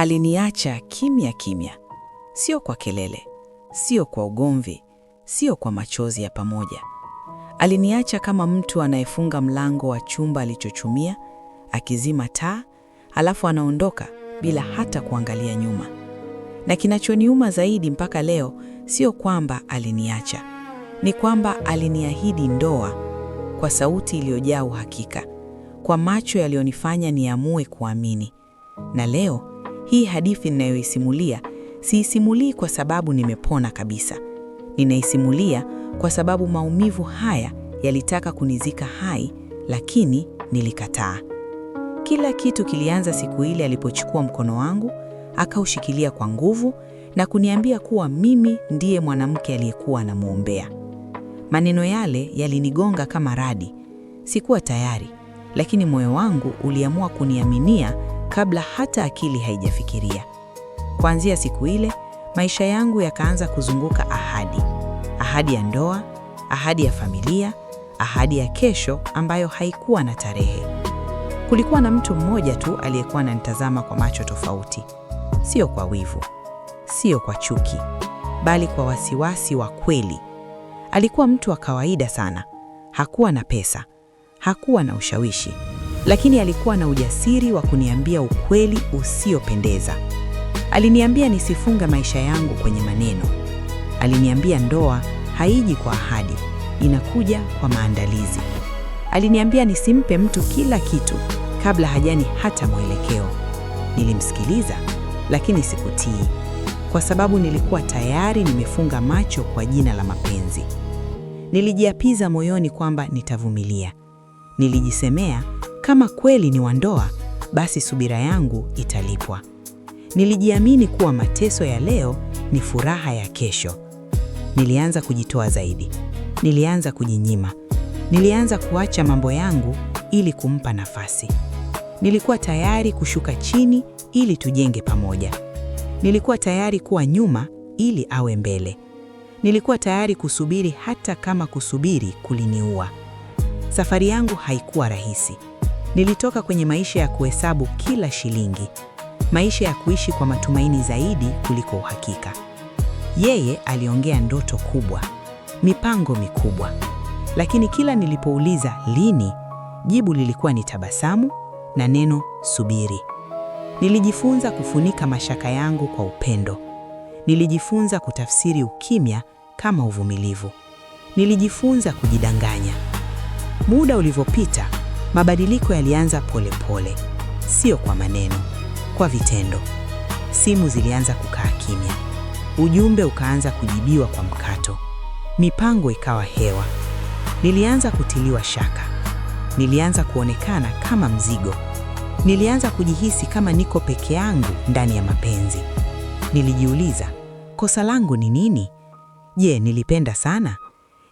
Aliniacha kimya kimya, sio kwa kelele, sio kwa ugomvi, sio kwa machozi ya pamoja. Aliniacha kama mtu anayefunga mlango wa chumba alichochumia, akizima taa, alafu anaondoka bila hata kuangalia nyuma. Na kinachoniuma zaidi mpaka leo sio kwamba aliniacha, ni kwamba aliniahidi ndoa kwa sauti iliyojaa uhakika, kwa macho yaliyonifanya niamue kuamini. Na leo hii hadithi ninayoisimulia siisimulii kwa sababu nimepona kabisa. Ninaisimulia kwa sababu maumivu haya yalitaka kunizika hai, lakini nilikataa. Kila kitu kilianza siku ile alipochukua mkono wangu, akaushikilia kwa nguvu na kuniambia kuwa mimi ndiye mwanamke aliyekuwa anamwombea. Maneno yale yalinigonga kama radi. Sikuwa tayari, lakini moyo wangu uliamua kuniaminia kabla hata akili haijafikiria. Kuanzia siku ile, maisha yangu yakaanza kuzunguka ahadi, ahadi ya ndoa, ahadi ya familia, ahadi ya kesho ambayo haikuwa na tarehe. Kulikuwa na mtu mmoja tu aliyekuwa ananitazama kwa macho tofauti, sio kwa wivu, sio kwa chuki, bali kwa wasiwasi wa kweli. Alikuwa mtu wa kawaida sana, hakuwa na pesa, hakuwa na ushawishi lakini alikuwa na ujasiri wa kuniambia ukweli usiopendeza. Aliniambia nisifunge maisha yangu kwenye maneno. Aliniambia ndoa haiji kwa ahadi, inakuja kwa maandalizi. Aliniambia nisimpe mtu kila kitu kabla hajani hata mwelekeo. Nilimsikiliza, lakini sikutii, kwa sababu nilikuwa tayari nimefunga macho kwa jina la mapenzi. Nilijiapiza moyoni kwamba nitavumilia. Nilijisemea kama kweli ni wa ndoa, basi subira yangu italipwa. Nilijiamini kuwa mateso ya leo ni furaha ya kesho. Nilianza kujitoa zaidi, nilianza kujinyima, nilianza kuacha mambo yangu ili kumpa nafasi. Nilikuwa tayari kushuka chini ili tujenge pamoja. Nilikuwa tayari kuwa nyuma ili awe mbele. Nilikuwa tayari kusubiri hata kama kusubiri kuliniua. Safari yangu haikuwa rahisi. Nilitoka kwenye maisha ya kuhesabu kila shilingi, maisha ya kuishi kwa matumaini zaidi kuliko uhakika. Yeye aliongea ndoto kubwa, mipango mikubwa, lakini kila nilipouliza lini, jibu lilikuwa ni tabasamu na neno subiri. Nilijifunza kufunika mashaka yangu kwa upendo. Nilijifunza kutafsiri ukimya kama uvumilivu. Nilijifunza kujidanganya. Muda ulivyopita Mabadiliko yalianza polepole, sio kwa maneno, kwa vitendo. Simu zilianza kukaa kimya, ujumbe ukaanza kujibiwa kwa mkato, mipango ikawa hewa. Nilianza kutiliwa shaka, nilianza kuonekana kama mzigo, nilianza kujihisi kama niko peke yangu ndani ya mapenzi. Nilijiuliza, kosa langu ni nini? Je, nilipenda sana?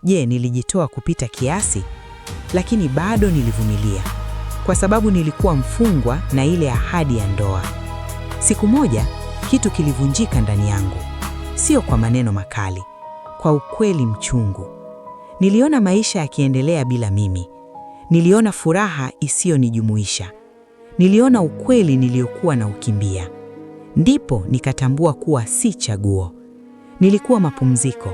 Je, nilijitoa kupita kiasi? lakini bado nilivumilia kwa sababu nilikuwa mfungwa na ile ahadi ya ndoa. Siku moja kitu kilivunjika ndani yangu, sio kwa maneno makali, kwa ukweli mchungu. Niliona maisha yakiendelea bila mimi, niliona furaha isiyonijumuisha, niliona ukweli niliokuwa na ukimbia. Ndipo nikatambua kuwa si chaguo, nilikuwa mapumziko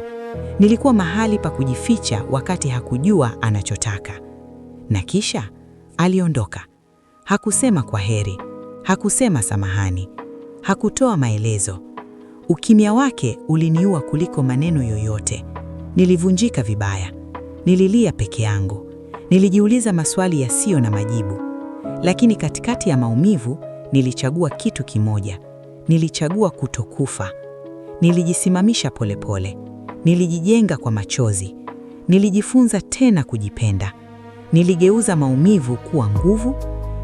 Nilikuwa mahali pa kujificha wakati hakujua anachotaka. Na kisha aliondoka. Hakusema kwa heri, hakusema samahani, hakutoa maelezo. Ukimya wake uliniua kuliko maneno yoyote. Nilivunjika vibaya, nililia peke yangu, nilijiuliza maswali yasiyo na majibu. Lakini katikati ya maumivu, nilichagua kitu kimoja. Nilichagua kutokufa. Nilijisimamisha polepole pole. Nilijijenga kwa machozi, nilijifunza tena kujipenda, niligeuza maumivu kuwa nguvu,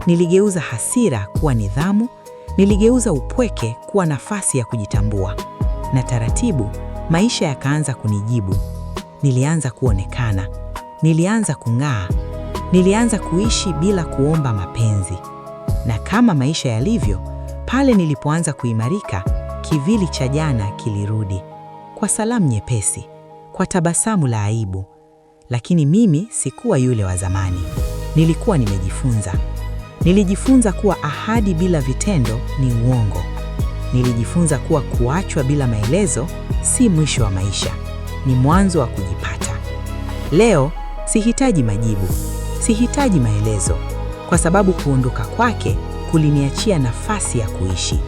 niligeuza hasira kuwa nidhamu, niligeuza upweke kuwa nafasi ya kujitambua. Na taratibu maisha yakaanza kunijibu. Nilianza kuonekana, nilianza kung'aa, nilianza kuishi bila kuomba mapenzi. Na kama maisha yalivyo, pale nilipoanza kuimarika, kivili cha jana kilirudi kwa salamu nyepesi, kwa tabasamu la aibu. Lakini mimi sikuwa yule wa zamani. Nilikuwa nimejifunza. Nilijifunza kuwa ahadi bila vitendo ni uongo. Nilijifunza kuwa kuachwa bila maelezo si mwisho wa maisha, ni mwanzo wa kujipata. Leo sihitaji majibu, sihitaji maelezo, kwa sababu kuondoka kwake kuliniachia nafasi ya kuishi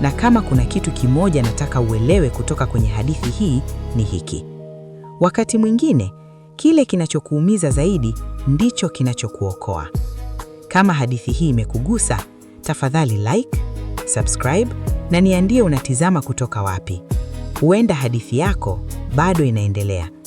na kama kuna kitu kimoja nataka uelewe kutoka kwenye hadithi hii ni hiki: wakati mwingine kile kinachokuumiza zaidi ndicho kinachokuokoa. Kama hadithi hii imekugusa, tafadhali like, subscribe na niandie unatizama kutoka wapi. Huenda hadithi yako bado inaendelea.